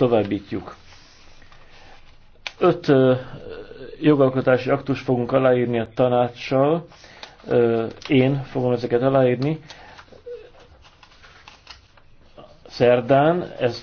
továbbítjuk. Öt jogalkotási aktus fogunk aláírni a tanácssal. Én fogom ezeket aláírni. Szerdán, ez